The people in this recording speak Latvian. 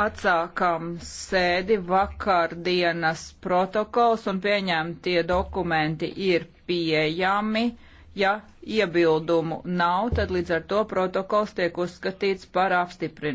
Atsākam sēdi vakardienas protokols un pieņemtie dokumenti ir pieejami. Ja iebildumu nav, tad līdz ar to protokols tiek uzskatīts par apstiprinātu.